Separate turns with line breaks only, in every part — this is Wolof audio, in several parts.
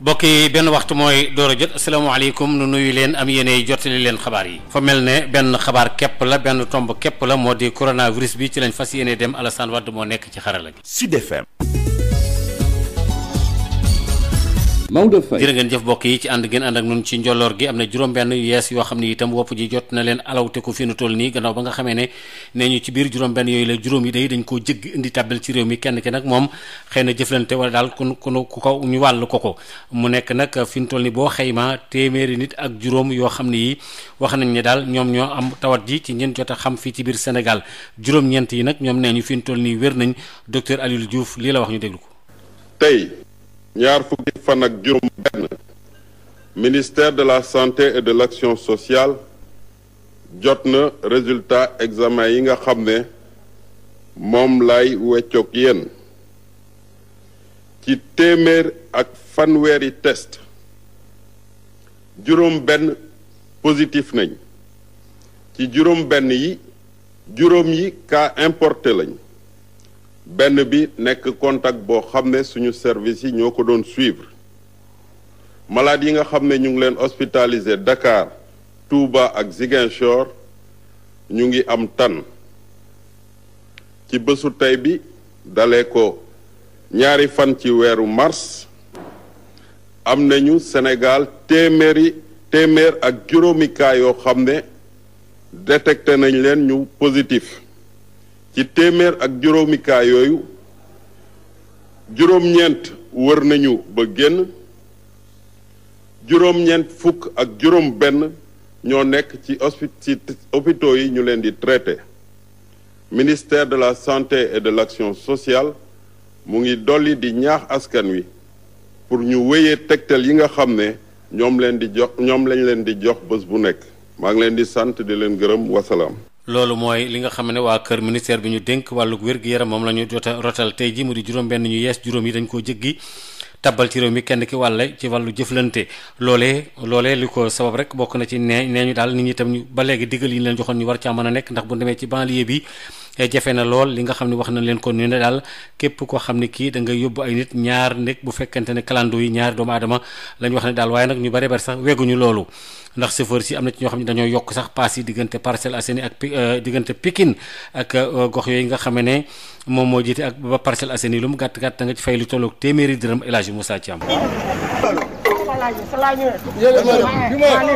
mbokk yi benn waxtu mooy door a jot asalaamaaleykum nu nuyu leen am yéenay jottali leen xabaar yi fa mel ne benn xabaar képp la benn tomb képp la moo di coronavirus bi ci lañ fas yenee dem Alassane Wade moo nekk ci xarala gi Sud FM
Maodo Faye jërë
ngeen jëf mbokk yi ci ànd ngeen ànd ak ñun ci njolloor gi am na juróom-benn yu yees yoo xam ne itam wopp ji jot na leen alawteku fi nu toll nii gannaaw ba nga xamee ne nee ñu ci biir juróom-benn yooyu la juróom yi day dañ koo jëgg indi tàbbal ci mi kenn ki nag moom xëy na jëflante wala daal ku ku ku ko ñu wàll ko ko mu nekk nag fi nu toll nii boo xayma téeméeri nit ak juróom yoo xam ne yi wax nañ ne daal ñoom ñoo am tawat ji ci ñeen jot a xam fii ci biir Sénégal juróom-ñeent yi nag ñoom nee ñu fi nu toll nii wér nañ docteur Aliou Diouf lii la wax ñu déglu ko
ñaar fukki fan ak juróom benn ministère de la santé et de l'action sociale jot na résultat examen yi nga xam ne moom lay weccoog yéen ci téeméer ak fanweeri test juróom benn positif nañ ci juróom benn yi juróom yi cas importé lañ benn bi nekk contact boo xam ne suñu service yi ñoo ko doon suivre malade yi nga xam ne ñu ngi leen hospitalisé Dakar Touba ak Ziguinchor ñu ngi am tan ci bésu tey bi dalee ko ñaari fan ci weeru mars am nañu Sénégal téeméeri téeméer ak juróomi yoo xam ne détecté nañ leen ñu positif ci téeméer ak juróomi yooyu juróom-ñeent wër nañu ba génn juróom-ñeent fukk ak juróom benn ñoo nekk ci ci yi ñu leen di traité ministère de la santé et de l'action sociale mu ngi dolli di ñaax askan wi pour ñu wéyee tegtal yi nga xam ne ñoom leen di jox ñoom lañ leen di jox bés bu nekk maa ngi leen di sant di leen gërëm wasalaam
loolu mooy li nga xam ne waa kër ministère bi ñu dénk wàllug wér-gu-yaram moom la ñu jot a rotal tey ji mu di juróom-benn ñu yees juróom yi dañ ko jëggi tabbal ci réew mi kenn ki wàlle ci wàllu jëflante loole loolee li ko sabab rek bokk na ci nee nee ñu daal nit ñi tam ñu ba léegi diggal yi leen joxoon ñu war caa mën a nekk ndax bu demee ci banlieue bi Eh, jafe na lool li nga xam ne wax na leen ko ñu ne daal képp ko xam ne kii da nga yóbbu ay nit ñaar nekk bu fekkente ne kalando yi ñaar doomu aadama lañ wax ne daal waaye nag ñu bari bari sax wegguñu loolu ndax chauffeur si am na ci ñoo xam ne dañoo yokk sax paas yi diggante Parcelles Assainies ak euh, diggante Pikine ak euh, gox yooyu nga xam ne moom moo jiite ak ba Parcelles Assainies lu mu gàtt gàtt da nga ci fay lu tolloog téeméeri dërëm El Hadji Moussa Thiam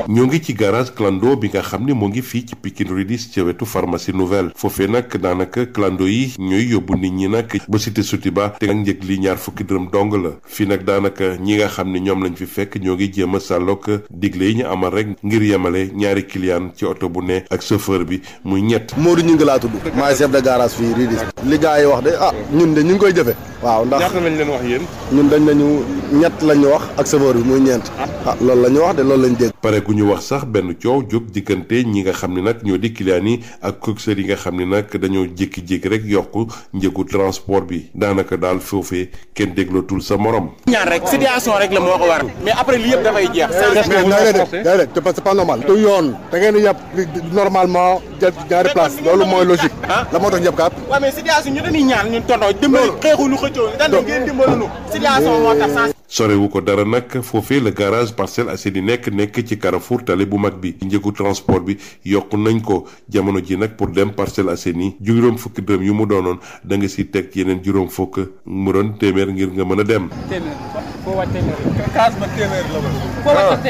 ñoo ngi ci garage clando bi nga xam ne moo ngi fii ci Pikine Ridis ca wetu pharmacie nouvelle foofee nag daanaka clando yi ñooy yóbbu nit ñi nag ba cité Soutiba te ak njëg li ñaar fukki dërëm dong la fii nag daanaka ñi nga xam ne ñoom lañ fi fekk ñoo ngi jéem a sàllook digle yi ñu amal rek ngir yemale ñaari client ci oto bu ne ak chauffeur bi muy ñett
Modou ñu ngi laa tudd maay chef de garage fii Ridis li wax
de ah ñun de ñu ngi koy jëfe waaw ndax lañ leen wax yéen. ñun dañ nañu ñett lañu wax ak chauffeur bi muy ñeent. ah, ah loolu la ñu wax de loolu lañ dégg.
pare gu ñu wax sax benn coow jóg diggante ñi nga xam ni nag ñoo di client yi ak coxeur yi nga xam ni nag dañoo jékki-jékki rek yokk njëgu transport bi daanaka daal foofee kenn déglootul sa moroom ñaan
rek rek la moo ko war mais après li yëpp dafay jeex. mais day def parce que c'est pas normal. du yoon da ngeen di yàpp normalement jël ñaari place loolu mooy logique. Ah? la moo tax ñëpp kaat. waaw xëccoo ñu dañ ne ngeen dimbaluñu situation moo tax
sorewu ko dara nag foofee la garage Parcelles Assainies nekk nekk ci Carrefour tali bu mag bi njëgu transport bi yokk nañ ko jamono ji nag pour dem Parcelles Assainies juróom fukki dërëm yu mu doonoon da nga si teg yeneen juróom fukk mu doon téeméer ngir nga mën a dem ah.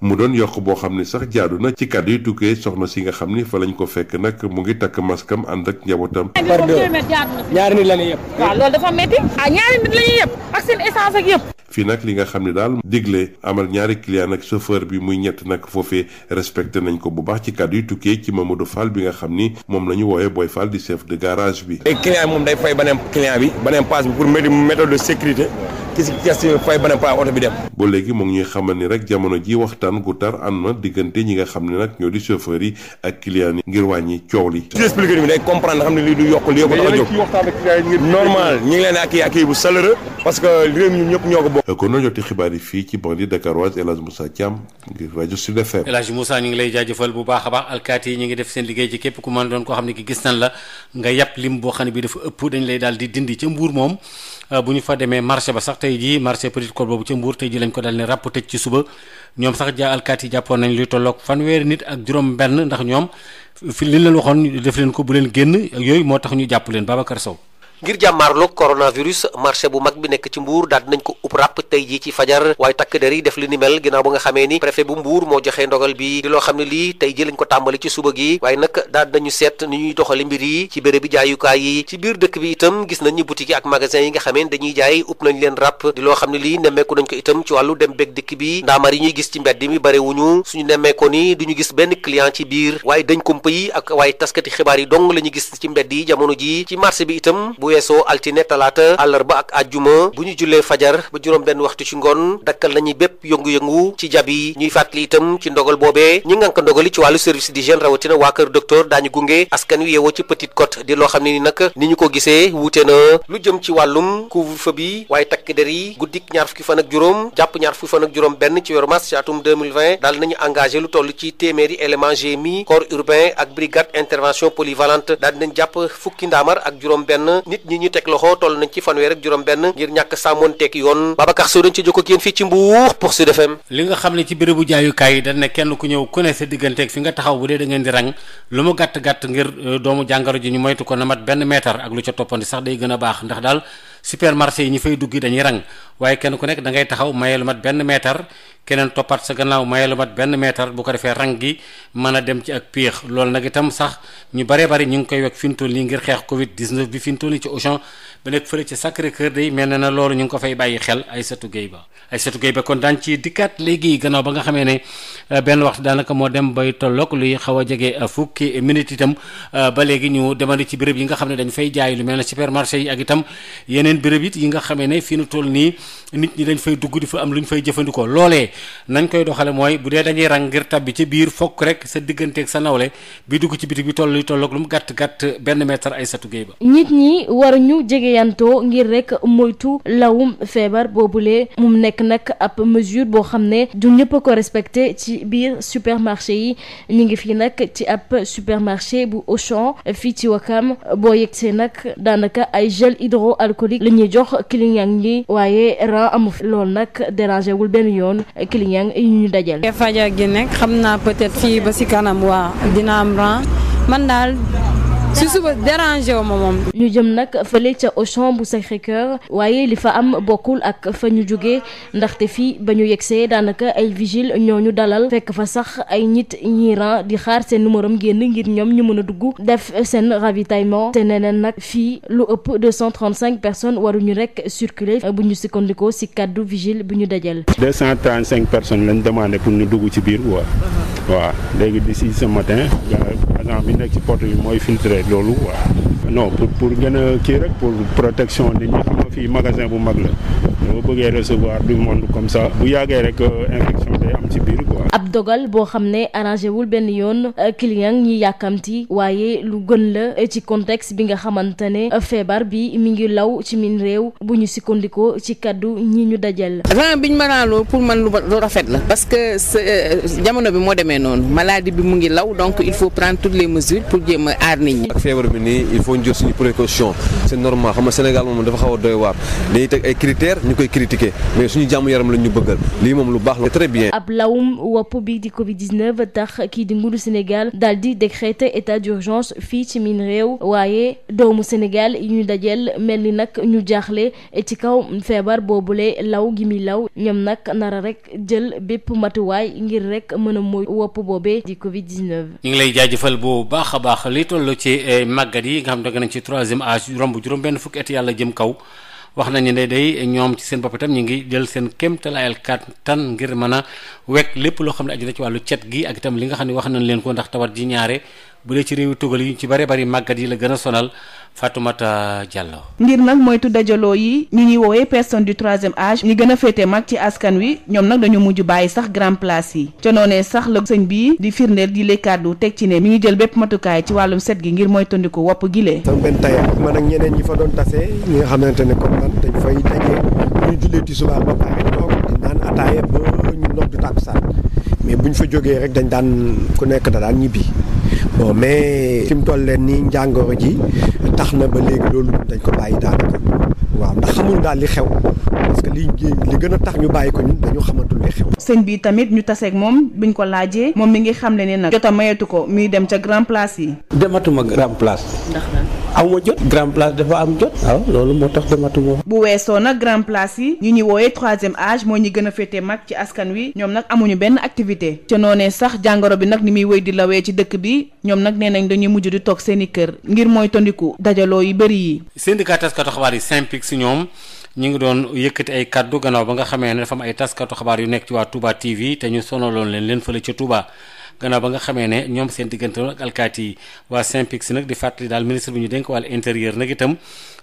mu doon yokk boo xam ne sax jaadu na ci kàddu yi tukkee soxna si nga xam ni fa lañ ko fekk nag mu ngi takk maskam ànd ak njabootam ñaari nit la ñuy
ah, ak seen essence ak yëpp
fii nag li nga xam ne daal digle amal ñaari client nag chauffeur bi muy ñett nag foofee respecté nañ ko bu baax ci kàddu yi tukkee ci Mamadou Fall bi nga xam ni moom la ñu woowee booy Fall di chef de garage bi. client moom day fay
beneen client bi beneen passe bi pour méthode de sécurité. ki si test bi fay beneen plan oto bi dem.
ba léegi mu ngi ñuy xamal ni rek jamono ji waxtaan gu tar am na diggante ñi nga xam ne nag ñoo di chauffeur yi ak client yi ngir wàññi coow li. ci
bi day comprendre xam ne lii du yokk lii
normal
ñu ngi leen ak ak bu salaire parce que réew mi ñëpp ñoo ko bokk. na jot joti xibaar yi fii ci bande dakaroise El Hadj Moussa Thiam ngir rajo Sud FM.
El Hadj Moussa ñu ngi lay jaajëfal bu baax a baax alkaati yi ñu ngi def seen liggéey ci képp ku mën doon koo xam ne ki gis la nga yàpp lim boo xam ne bi dafa ëpp dañ lay daal di dindi ca mbuur Euh, bu ñu fa demee marché ba sax tey ji marché Petite Côte boobu ca Mbour tey ji lañ ko dal ne ràpp tëj ci suba ñoom sax jaa alkaat jàppoon nañ luy tolloog fanweeri nit ak juróom benn ndax ñoom fi li leen waxoon def leen ko bu leen génn ak yooyu moo tax ñu jàpp leen Babacar saw
ngir jàmmaarloog coronavirus marché bu mag bi nekk ci mbuur daal dinañ ko upp ràpp tey jii ci fajar waaye takk der yi def li ni mel ginnaaw ba nga xamee ni préfet bu mbuur moo joxee ndogal bi di loo xam ne lii tey ji lañ ko tàmbali ci suba gi waaye nag daal dinañu seet ni ñuy doxali mbir yi ci béréb jaayukaay yi ci biir dëkk bi itam gis nañ ni boutique yi ak magasin yi nga xamee ni dañuy jaay upp nañ leen ràpp di loo xam ne lii nemmeeku nañ ko itam ci wàllu dem bég dikk bi ndaamar yi ñuy gis mbedd mi barewuñu suñu nemmeeko ni duñu gis benn client ci biir waaye dañ kumpa yi ak waaye taskati xibaar yi dong la ñu gis ci mbedd yi jamono ji ci marché bi itam bu weesoo altine talaata àllarba ak àjjuma bu ñu jullee fajar ba juróom benn waxtu ci ngoon dakkal nañu bépp yëngu-yëngu ci jab yi ñuy fàttali itam ci ndogal boobee ñi ngànk ndogali ci wàllu service d'hygiène rawatina waa kër docteur daañu gunge askan wi yeewoo ci Petite Côte di loo xam ne ni nag ni ñu ko gisee wuute na lu jëm ci wàllum couvre-feu bi waaye takk der yi guddik ñaar fukki fan ak juróom jàpp ñaar fukki fan ak juróom benn ci weeru mars ci atum 2020 daal nañu engagé lu toll ci téeméeri élément GMI corps urbain ak brigade intervention daal nañ jàpp fukki ndaamar ak juróom benn nit ñi ñu teg loxo toll nañ ci fanweer ak juróom-benn ngir ñàkk sàmmoonteeg yoon Babacar Sow dañ ci jokkoog yéen fii ci Mbour pour Sud FM.
li nga xam ne ci bérébu jaayukaay yi dañ ne kenn ku ñëw ku ne sa digganteeg fi nga taxaw bu dee da ngeen di rang lu mu gàtt gàtt ngir euh, doomu jàngoro ji ñu moytu ko na mat benn meetar ak lu ca toppandi sax day gën a baax ndax daal supermarché yi ñu fay dugg dañuy rang waaye kenn ku nekk da ngay taxaw mayel mat benn meetar keneen toppaat sa gannaaw maye lu mat benn meetar bu ko defee rang gi mën a dem ci ak piix loolu nag itam sax ñu baree bari ñu ngi koy wekk fintool yi ngir xeex covid 19 bi fintool yi ci Auchan ba nekk fële ci Sacré Cœur day mel na loolu ñu ngi ko fay bàyyi xel Aïssatou Gueye Ba Ba kon daan ci dikkat léegi gannaaw ba nga xamee ne euh, benn waxtu daanaka moo dem bay tolloog luy xaw a jege euh, fukki minute itam euh, ba léegi ñu demandi ci bërëb yi nga xam ne dañ fay jaay lu mel ne supermarché yi ak itam yeneen béréb it yi nga xamee ne fii nu toll nii nit ñi dañ fay dugg di fa am lu ñu fay jëfandikoo loolee nañ koy doxale mooy bu dee dañuy rang ngir tab bi ci biir fokk rek sa digganteeg sa nawle bi dugg ci bitik bi toll luy tolloog lu mu gàtt gàtt benn mètre Aïssatou Gueye Ba
fayanto ngir rek moytu lawum feebar boobule mu nekk nag ab mesure boo xam ne ju ñëpp ko respecté ci biir supermarché yi ñu ngi fii nag ci ab supermarché bu Auchan fii ci Wakam boo yegsee nag daanaka ay gel hydroalcoolique la ñuy jox client yi waaye ren amu fi loolu nag dérangé benn yoon client yi ñu dajal. fajar gi nekk xam naa peut-être fii ba si kanam waa dina am ren man daal. si suba dérangé wu moom. ñu jëm nag fële ca Auchan bu Sacré-Cœur waaye li fa am bokkul ak fa ñu jógee ndaxte fii ba ñu yegsee daanaka ay vigiles ñoo ñu dalal fekk fa sax ay nit ñiiran di xaar seen numéro am génn ngir ñoom ñu mën a dugg def seen ravitaillement te neneen nag fii lu ëpp 235 personnes waruñu rek circuler bu ñu sukkandikoo si kàddu vigile bu ñu dajal.
235 personnes lañ demandé pour ñu dugg ci biir quoi. Uh-huh. waaw léegi d'ici ce matin euh, agent bi nekk ci porte loolu waaw non pour pour gën a kii rek pour protection nit ñi xam nga magasin bu mag la boo bëggee recevoir du monde comme ça bu yàggee rek euh, infection day am ci biir quoi.
ab dogal boo xam ne arrangé wul benn yoon euh, client ñi yàkkamti waaye lu gën la euh, ci contexte bi nga xamante ne feebar bi mi ngi law ci min réew bu ñu sukkandikoo ci kaddu ñi ñu dajal.
ren bi ñu ma laaloo
pour
man lu rafet la. parce que jamono bi moo demee noonu maladie bi mu ngi law donc il
faut prendre toutes les pour jéem a aar nit ñi. ak feebar bi nii il faut ñu suñu précaution c'est normal xam Sénégal moom dafa xaw a doy waar dañuy teg ay critères ñu koy critiquer mais suñu jàmm yaram la ñu bëggal lii moom lu baax la très bien
ab lawum wopp bi di Covid 19 tax kii di nguuru Sénégal daal di décréter état d'urgence fii ci min réew waaye doomu Sénégal yu ñu dajeel mel ni nag ñu jaaxle ci kaw feebar boobule law gi mi law ñoom nag nara rek jël bépp matuwaay ngir rek mën a mooy wopp boobee di
E màggat yi nga xam ne nañ ci troisième âge romb juróom-benn fukki at yàlla jëm kaw wax nañu ne day ñoom ci seen bopp itam ñu ngi jël seen kem kaat tan ngir mën a wekk lépp loo xam ne aju na ci wàllu cet gi ak itam li nga xam ne wax nañ leen ko ndax tawat ji ñaare bu dee ci réew tugal yi ci bari bari màggat yi la gën a sonal Fatoumata Diallo.
ngir nag moytu dajaloo yi ñu ñuy woowee personne du troisième âge ñi gën a féete mag ci askan wi ñoom nag dañu mujj bàyyi sax grand place yi ca noonee sax la sëñ bii di firndeel di lee kàddu teg ci ne mi ngi jël bépp matukaay ci wàllum set gi ngir moytandiku wopp gilee sama benn taye
man ak ñeneen ñi fa doon tasee ñi nga xamante ne comme man dañ fay dajee ñu jullee ci subaar ba pare toog di naan ñu fa jógee rek dañ daan ku nekk da daan ñibbi bon mais fi mu toll leen nii njàngoro ji tax na ba léegi loolu dañ ko bàyyi daanaka waaw ndax xamul daal li xew parce que li li gën a tax ñu bàyyi ko ñun dañu
xamatul li xew.
sëñ bii tamit ñu taseeg moom biñ ko laajee moom mi ngi xam ne nag jota mayetu ko muy dem ca grand place yi.
dematuma grand place. awma jot grand place dafa am jot waaw
loolu moo tax dematuma
bu weesoo nag grand place yi ñu ñuy wooyee troisième âge moo ñi gën a féete mag ci askan wi ñoom nag amuñu benn activité ca noonee sax jàngoro bi nag ni muy wéy di lawee ci dëkk bi ñoom nag nee nañ dañuy mujj di toog seen i kër ngir mooy tondiku dajaloo yi bëri yi
syndicat taskatu xabaar yi SYNPICS ñoom ñu ngi doon yëkkati ay kàddu gannaaw ba nga xamee ne dafa am ay taskatu xabaar yu nekk ci waa Touba TV te ñu leen leen fële ca gannaaw ba nga xamee ne ñoom seen diggante ak alkaati yi waa Synpics nag di fàttali daal ministre bi ñu dénk wàll intérieur nag itam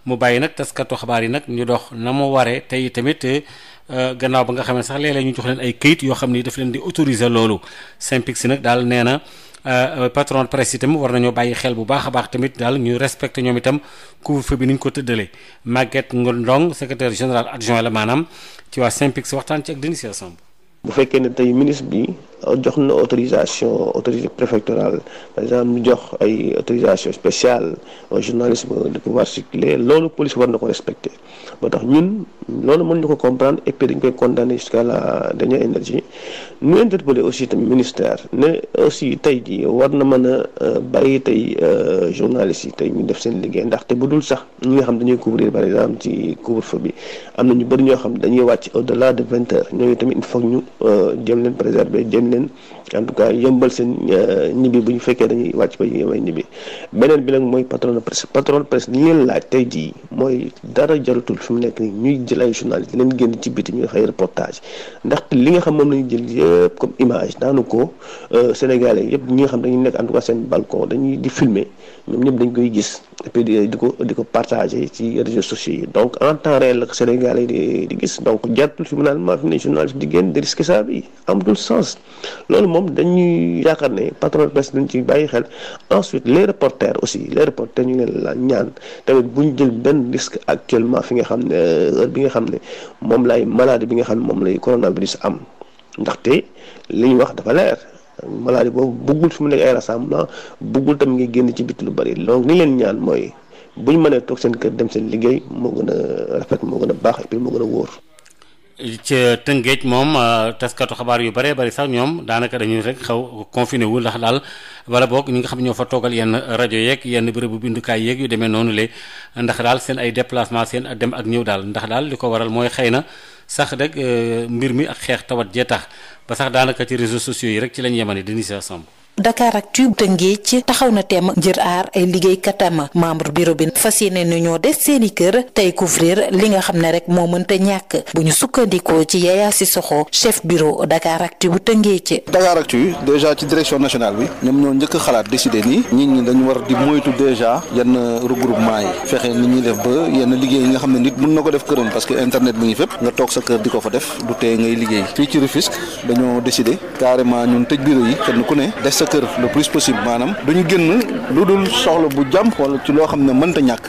mu bàyyi nag taskatu xabaar yi nag ñu dox na mu waree tey tamit euh, gannaaw ba nga xamee sax léeg-léeg ñu jox leen ay kayit yoo xam ni daf leen di autoriser loolu Synpics nag daal nee na euh, patron presse itam war nañoo bàyyi xel bu baax a baax tamit daal ñu respecté ñoom itam couvre bi ni ñu ko tëddalee Maguette Ngondong secrétaire général adjoint la maanaam ci waa Synpics waxtaan ci ak Denis Samb
jox na autorisation autorité préfectorale par exemple mu jox ay autorisation spéciale aux journalistes de pouvoir circuler loolu police war na ko respecter moo tax ñun loolu mën ñu ko comprendre et puis dañ koy condamner jusqu'à la dernière énergie ñu interpeller aussi tamit ministère ne aussi tey jii war na mën a euh, bàyyi tey euh, journalistes yi tey ñu def seen liggéey ndaxte bu dul sax ñi nga xam dañuy couvrir par exemple ci couvre-feu bi am na ñu bëri ñoo xam dañuy wàcc au delà de vingt heures ñooñu tamit il faut ñu euh, jëm leen préserver jëm leen en tout cas yëmbal seen ñibbi bu ñu fekkee dañuy wàcc ba ñu may ñibbi beneen bi nag mooy patron de presse patron de presse li leen laaj tey jii mooy dara jël ay journalistes leen génn ci biti ñu def ay reportage ndax li nga xam moom la ñu jël comme image daanu ko euh, sénégalais yëpp ñi nga xam dañuy nekk en tout seen balcon dañuy di filmer ñoom ñëpp dañ koy gis et di ko di ko partagé ci réseaux sociaux yi donc en temps réel la Sénégal yi di gis donc jàttul fi mu naan maa fi ne journaliste di génn di risque saa am amatul sens loolu moom dañuy yaakaar ne patron de presse dañ ci bàyyi xel ensuite les reporters aussi les reporters ñu leen la ñaan tamit bu ñu jël benn risque actuellement fi nga xam ne heure bi nga xam ne moom lay maladie bi nga xam ne moom lay coronavirus am ndaxte li ñu wax dafa leer maladie boobu buggul fi mu nekk ay rassemblement buggul tam ngay génn ci biti lu bari donc ni leen ñaan mooy buñ mënee toog seen kër dem seen liggéey moo gën a rafet moo gën a baax et puis moo gën a wóor
ca Tëngéej moom euh, taskatu xabaar yu bëree bëri sax ñoom daanaka dañuy rek xaw confiné wu ndax daal wala boog ñi nga xam ñoo fa toogal yenn rajo yeek yenn bërëbu bindukaay yeeg yu demee noonu le ndax daal seen ay déplacement seen dem ak ñëw daal ndax daal li ko waral mooy xëy na sax rek euh, mbir mi ak xeex tawat jee tax ba sax daanaka ci réseaux sociaux yi rek ci lañ yemane dini sa samb
Dakaractu ci taxaw na teem ngir aar ay liggéeykatam membre bureau bi fas yéene ni ñoo des seeni kër tey couvrir li nga xam ne rek moo mënta ñàkk bu ñu sukkandikoo ci Yaya Sissoko chef bureau Dakaractu bu Tëngéej.
Dakaractu déjà ci direction nationale bi ñoom ñoo njëkk xalaat décider ni nit ñi dañu war di moytu déjà yenn regroupement yi fexe nit ñi def ba yenn liggéey yi nga xam ne nit mën na ko def këram parce que internet bi ngi fépp nga toog sa kër di ko fa def du tee ngay liggéey fii ci Rufisque dañoo décider carrément ñun tëj bureau yi kenn ku sa kër le plus possible maanaam duñu génn lu dul soxla bu jàmm ne mënta ñàkk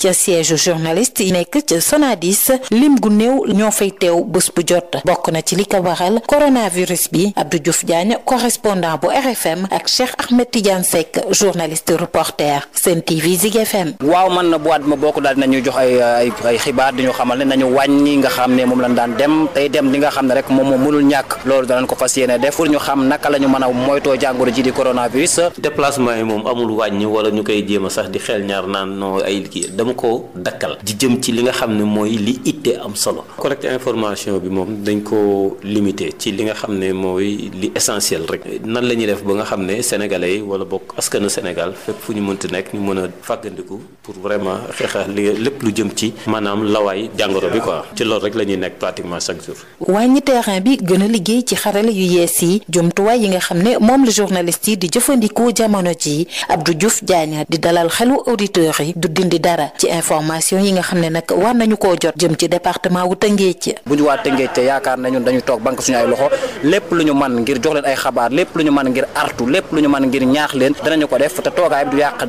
ca siège journaliste yi nekk ca Sonadis lim gu néew ñoo fay teew bés bu jot bokk na ci li ko waral coronavirus bi Abdou Diouf Diagne correspondant bu RFM ak Cheikh Ahmed Tidiane Seck journaliste reporter Sen TV Zik
waaw man na ma bokk daal dinañu jox ay ay xibaar di ñu xamal ne nañu wàññi nga xam ne moom lañ daan dem tey dem li nga xam ne rek moom moom mënul ñàkk loolu danañ ko fas yéene def pour ñu xam naka la ñu mën a moytoo jàngoro ji di coronavirus. déplacement yi moom amul wàññi wala ñu koy jéem a sax di xel ñaar naan noo ay kii dama ko dakkal di jëm ci li nga xam ne mooy li ittee am solo collecte information bi moom dañ
ko limité ci li nga xam ne mooy li essentiel rek nan la ñuy def ba nga xam ne sénégalais yi wala bokk askanu Sénégal fépp fu ñu mënti nekk ñu mën a fàggandiku pour vraiment xeexa lépp lu jëm ci maanaam lawaay jàngoro bi quoi ci loolu rek la ñuy nekk pratiquement chaque jour
waaye wàññi terrain bi gën liggéey ci xarala yu yees yi jumtuwaay yi nga xam ne moom la journaliste yi di jëfandikoo jamono ji du Diouf Diagne di dalal xelu auditeurs yi du dindi dara ci information yi nga xam ne nag war nañu koo jot jëm ci département wu Tëngéej.
bu ñu waa Tëngéej te yaakaar na ñun dañu toog banque suñu ay loxo lépp lu ñu man ngir jox leen ay xabaar lépp lu ñu man ngir artu lépp lu ñu man ngir ñaax leen danañu ko def te toogaay bi du yàq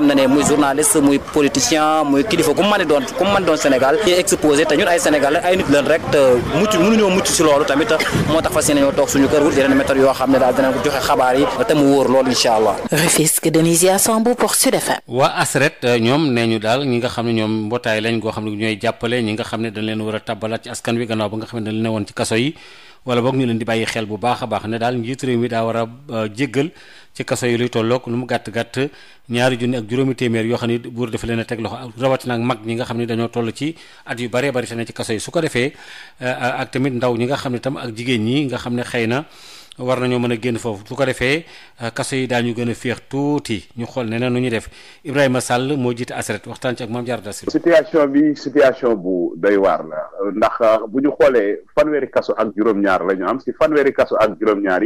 na ne muy journaliste muy politicien muy kilifa ku doon mu mën doon Sénégal ñuy exposé te ñun ay Sénégalais ay nit leen rek te mucc mënuñoo mucc si loolu tamit moo tax fas yéene ñoo toog suñu kër wut yeneen méthode yoo xam ne daal
ñi nga xam ne ñoom mbootaay lañ goo xam ne ñooy jàppale ñi nga xam ne dañ leen war a ci askan wi gannaaw ba nga xam ne dañ leen woon ci kaso yi wala boog ñu leen di bàyyi xel bu baax a baax ne daal njiit réew mi daa war a euh, ci kaso yi luy tolloog lu mu gàtt-gàtt ñaari junni ak juróomi téeméer yoo xam ne buur dafa leen a teg loxo rawatina ak mag ñi nga xam ne dañoo toll ci at yu baree bari te na ci kaso yi su ko defee eh, ak tamit ndaw ñi nga xam ne tam ak jigéen ñi nga xam ne xëy na war nañoo mën a génn foofu su ko defee eh, kaso yi daañu gën a féex tuuti ñu xool ne na nu ñuy def Ibrahima sàll moo jiite ASRED waxtaan ci ak Mame Diarra Dassiré
situation bi situation bu da waar la ndax bu ñu xoolee fanweeri kaso ak juróom la ñu am si fanweeri ak juróom-ñaar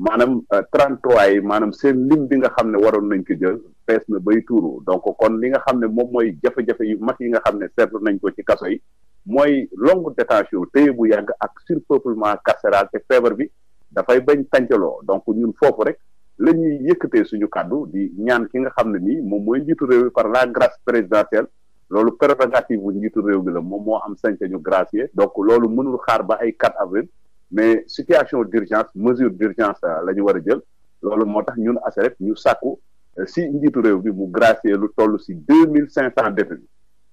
maanaam euh, trente trois yi maanaam seen lim bi nga xam ne waroon nañ ko jël pees na bay tuuru donc kon li nga xam ne moom mooy jafe-jafe yu mag yi nga xam ne seetlu nañ ko ci kaso yi mooy longue détention téye bu yàgg ak surpeuplement carcéral te feebar bi dafay bañ tàncaloo donc ñun foofu rek la ñuy yëkkatee suñu kàddu di ñaan ki nga xam ne nii moom mooy njiitu réew bi par la grâce présidentielle loolu prérogative bu njiitu réew bi la moom moo am sañ-sañu gracier donc loolu mënul xaar ba ay 4 avril mais situation d'urgence mesure d'urgence euh, la ñu war a jël loolu moo tax ñun ASREP ñu sàkku euh, si njiitu réew bi mu gracier lu toll si deux mille cinq cent détenus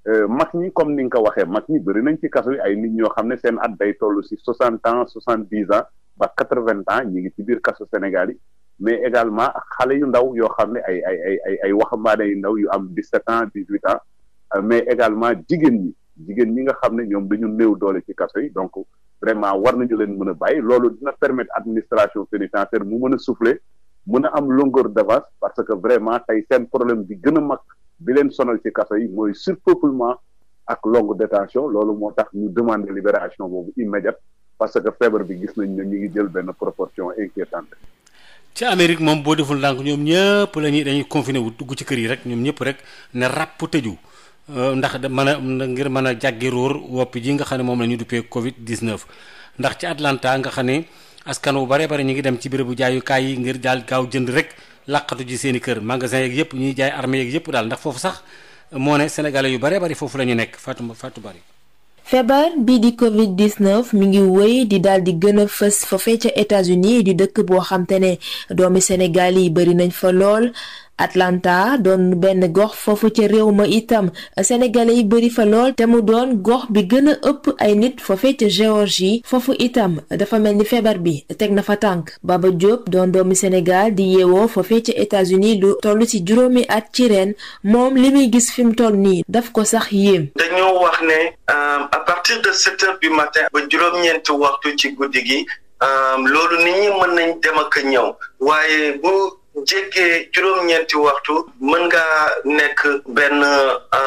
euh, mag ñi comme ni nga ko waxee mag ñi bëri nañ ci kaso yi ay nit ñoo xam ne seen at day toll si soixante ans soixante dix ans ba quatre vingt ans ñi ngi ci biir kaso Sénégal yi mais également xale yu ndaw yoo xam ne ay ay ay ay ay waxambaane yu ndaw yu am dix sept ans dix huit ans mais également jigéen jigéen ñi nga xam ne ñoom dañu néew doole ci kaso yi donc vraiment war nañu leen mën a bàyyi loolu dina permettre administration pénitentiaire mu mën a souffler mën a am longueur d'avance parce que vraiment tey seen problème bi gën mag bi leen sonal ci kaso yi mooy surpeuplement ak longue détention loolu moo tax ñu demander libération boobu immédiate parce que feebar bi gis nañ ne ñu ngi jël benn proportion
inquiétante. ci Amérique moom boo deful ndànk ñoom ñëpp la ñuy dañuy confiné wu dugg ci kër yi rek ñoom ñëpp rek ne ràpp tëju. Euh, ndax da mën a ngir mën a jàggi róor wopp ji nga xam ne moom la ñu duppee Covid 19 ndax ci Atlanta nga xam ne askan wu bare bare ñu ngi dem ci bérébu jaayukaay yi ngir daal gaaw jënd rek laqatu ji seen i kër magasin yeeg yëpp ñuy jaay armée yeeg yëpp daal ndax foofu sax moo ne sénégalais yu bare bari foofu la ñu nekk Fatou Fatou Bari.
feebar bii di Covid 19 mi ngi wéy di daal di gën a fës foofee ca États-Unis di dëkk boo xam te ne doomi Sénégal yi bari nañ fa lool. Atlanta doon benn gox foofu ca réew ma itam sénégalais yi bëri fa lool te mu doon gox bi gën a ëpp ay nit foofe ca Géorgie foofu itam dafa mel ni feebar bi teg na fa tànk ba Baba Diop doon doomi Sénégal di yeewoo foofe ca États-Unis lu toll ci juróomi at ci ren moom li muy gis fi mu toll nii daf ko sax yéem.
dañoo wax ne euh, à partir de sept heures matin ba juróom-ñeenti waxtu ci guddi gi euh, loolu nit ñi mën nañ dem ñëw waaye bu. jékkee juróom-ñeenti waxtu mën nga nekk benn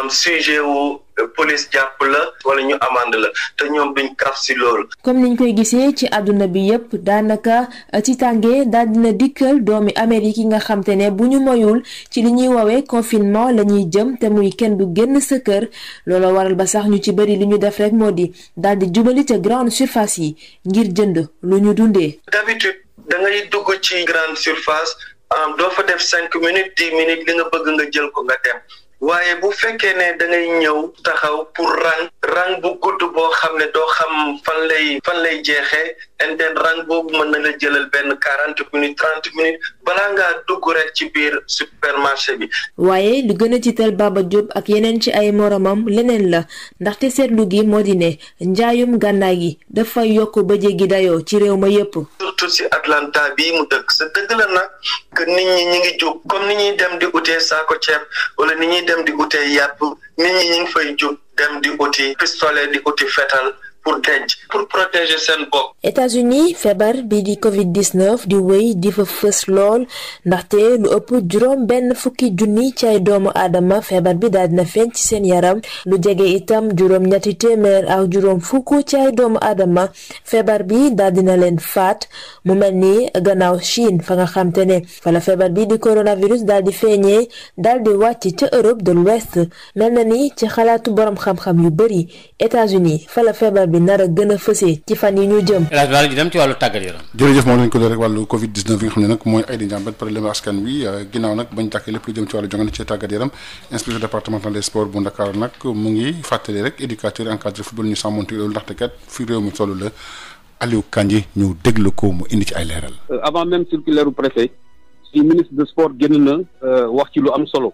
sujet wu police jàpp la wala ñu amande la te ñoom duñ kaf si loolu.
comme niñ koy gisee ci àdduna bi yépp daanaka ci tànge daal dina dikkal doomi Amérique yi nga xam te ne bu ñu moyul ci li ñuy woowee confinement la ñuy jëm te muy kenn du génn sa kër looloo waral ba sax ñu ci bëri li ñu def rek moo di daal di jubali ca grande surface yi ngir jënd lu ñu dundee. d'habitude da
ngay ci grande surface. doo fa def cinq minutes dix minutes li nga bëgg nga jël ko nga dem waaye bu fekkee ne da ngay ñëw taxaw pour rang rang bu gudd boo xam ne doo xam fan lay fan lay jeexee interne rang boobu mën na la jëlal benn quarante minutes trente minutes balaa ngaa dugg rek ci biir supermarché bi.
waaye lu gën a jiital Baba Diop ak yeneen ci ay moromam leneen la ndaxte seetlu gi moo di ne njaayum gànnaay gi dafa yokk ba jéggi dayoo ci réew ma yépp
surtout si Atlanta bi mu dëkk sa dëgg la nag que nit ñi ñi ngi jóg comme ni ñuy dem di utee saako ceeb wala ni ñuy dem di utee yàpp nit ñi ñi ngi fay jóg dem di uti pistolet di uti fetal. pour
feebar bi di Covid 19 di wéy di fa lool ndaxte lu ëpp juróom benn fukki junni ci doomu aadama feebar bi daal dina feeñ ci seen yaram lu jege itam juróom ñetti téeméer ak juróom fukk ci ay doomu aadama feebar bi daal dina leen faat mu mel ni gannaaw Chine fa nga xam ne fala feebar bi di coronavirus daal di feeñee daal di wàcc ca Europe de l'Ouest mel na ni ci xalaatu borom xam-xam yu bëri états fala feebar bi nar a gën a fësee ci fan yi ñu jëm
ji dem ci wàllu tàggat yaram
jërëjëf moom lañ ko leer rek wàllu covid 19 bi nga xam ne nag mooy ay di njàmbat problème askan wi euh, ginnaaw nag bañ tàkkee lépp lu jëm ci wàllu jongante ci tàggat yaram inspecteur départemental des sports bu Ndakaar nag mu ngi fàttali rek éducateur encadré football ñu sàmmonte loolu ndaxte kat fi réew mi toll la Aliou Kandji ñu déglu ko mu indi ci ay leeral
euh, avant même circulaire u préfet si ministre de euh, ci lu am solo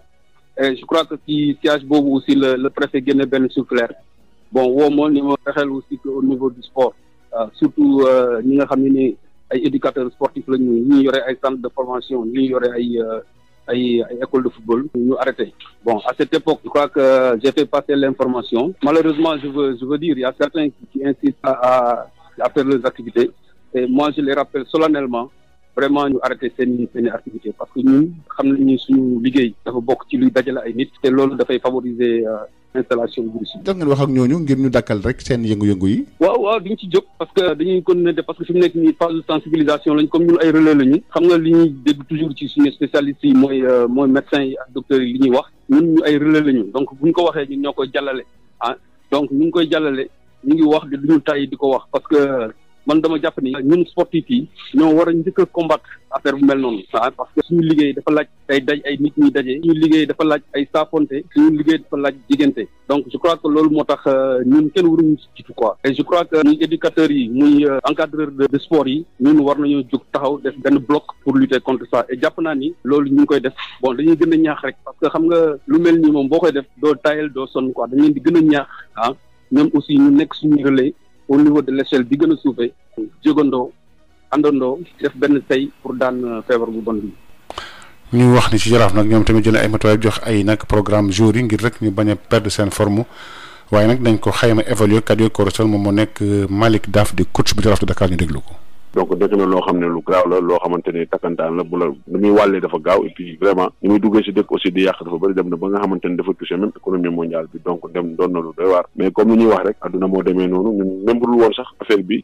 je crois que ci siège boobu aussi le préfet génn benn circulaire bon woo ma ni moo fexeel aussi que au niveau du sport surtout euh, ñi nga xam ne ni ay éducateurs sportifs la ñu ñu yore ay centre de formation ñu yore ay euh, ay ay école de football ñu arrêté bon à cette époque je crois que j'ai fait passer l'information malheureusement je veux dire y a certains qui incitent à à faire leurs activités et moi je les rappelle solennellement vraiment ñu arrêté seen seen activité parce que ñun xam nañu suñu liggéey dafa bokk ci luy dajale ay nit te loolu dafay favoriser euh, installation hydrochimique.
def ngeen wax ñooñu ngir ñu dakkal rek seen yëngu-yëngu yi.
waaw waaw duñ ci jóg parce que dañuy continuer parce que fi nekk nii phase de sensibilisation lañ comme ñun ay relais lañu. xam nga li ñuy dégg toujours ci suñu spécialistes yi mooy euh, mooy yi ak docteurs yi li ñuy wax ñun ñu ay relais lañu donc buñ ko waxee ñun ñoo koy jàllale ah donc ñu koy jàllale ñu ngi wax de duñu tay di ko wax parce que man dama jàpp ni ñun sportif yi ñoo war a njëkk a combattre affaire bu mel noonu ah parce que suñu liggéey dafa laaj ay daj ay nit ñuy daje suñu liggéey dafa laaj ay saafonte suñu liggéey dafa laaj diggante donc je crois que loolu moo tax euh, ñun kenn waruñu ci jiitu quoi et je crois que muy éducateurs yi muy euh, encadreur de yi ñun war nañoo jóg taxaw def benn bloc pour lutter contre ça et jàpp naa ni loolu ñu ngi koy def bon dañuy gën a ñaax rek parce que xam nga lu mel nii moom boo koy def doo tayal doo sonn quoi dañ leen di gën a ñaax ah ñoom aussi ñu nekk suñu relais au niveau de l' bi gën a suufee jógandoo àndandoo def benn tey pour daan euh, feebar bu bon bi.
ñu wax ni ci jaraaf nag ñoom tamit jëlee ay matuwaay jox ay nag programme jour yi ngir rek ñu bañ a perdre seen forme waaye nag dañ ko xayma évaluer kat yooyu corosel moom moo nekk euh, Malick Daaf di coach bu jaraaf de Dakar ñu déglu ko.
donc nekk na loo xam ne lu graaw la loo xamante ne takkantaan la bu la lu muy wàllee dafa gaaw et puis vraiment ñu muy duggee si dëkk aussi di yàq dafa bëri dem na ba nga xamante ne dafa touché même économie mondiale bi donc dem doon na lu doy waar mais comme ni ñuy wax rek adduna moo demee noonu ñun même sax affaire bi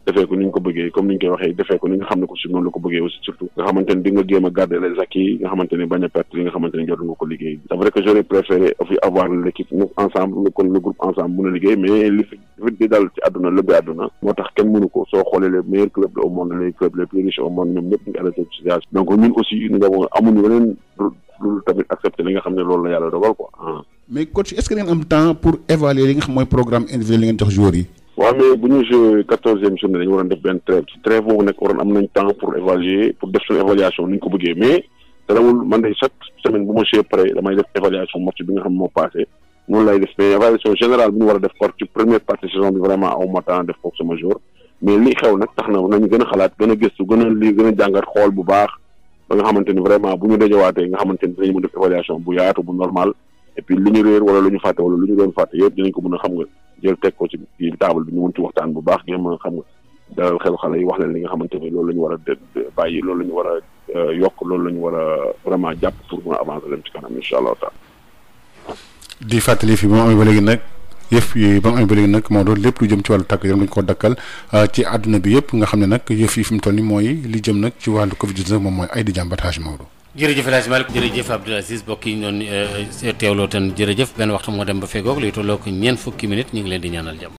defee ko ni ñu ko bëggee comme ni ñu koy waxee defee ko ni nga xam ne ko si noonu ko bëggee aussi surtout nga xamante ne di nga a nga xamante ne bañ a perte li nga ko liggéey c'est vrai que j'aurais préféré fi avoir l'équipe nous ensemble kon le groupe ensemble mun a liggéey mais li fi di dal ci àdduna lëbbi àdduna moo tax kenn mënu ko soo xoolee les meilleurs clubs au plus riches au monde ñoom ñëpp ñu ngi à la donc ñun aussi ñu tamit accepté li ne loolu la yàlla dogal quoi
mais coach est yi
waaw mais bu ñu joué quatorzième journée dañu waroon def benn trêve ci trêve boobu nag waroon am nañ temps pour évaluer pour def suñu évaluation ni ñu ko bëggee mais teewul man de chaque semaine bu ma joué pare damay def évaluation match bi nga xam moo passé noonu lay def mais évaluation générale bi ñu war a def kor ci première partie saison bi vraiment aw ma def koog sama jour mais li xew nag tax na nañu gën a xalaat gën a gëstu gën a lii gën a jàngat xool bu baax ba nga ni vraiment bu ñu dajawaatee nga xamante ni dinañu mën def évaluation bu yaatu bu normal et puis lu ñu fàtte yëpp dinañ ko mën a xam nga jël teg ko ci ci table bi ñu mën ci waxtaan bu baax ngeen mën xam nga dalal xelu xale yi wax leen li nga xamante ni loolu lañu ñu war a bàyyi loolu la ñu war euh, yokk loolu la ñu war a vraiment jàpp pour mën a avancer leen ci kanam incha allahu taala.
di fàttali fi ba mu amee ba léegi nag yëf yi ba mu lépp lu jëm ci wàllu tàkk yaram dañu dakkal euh, ci àdduna bi yëpp nga xam ne nag yëf yi fi mu toll ni mooy li jëm nag ci wàllu Covid moom mooy ay di jàmbatage Maodo.
jërëjëf El Hadj Malick jërëjëf Abdoul Aziz bokk yi ñu doon euh, teewloo tan jërëjëf benn waxtu moo dem ba fegoog luy tolloog ñeent fukki minutes ñu ngi leen di ñaanal jàmm.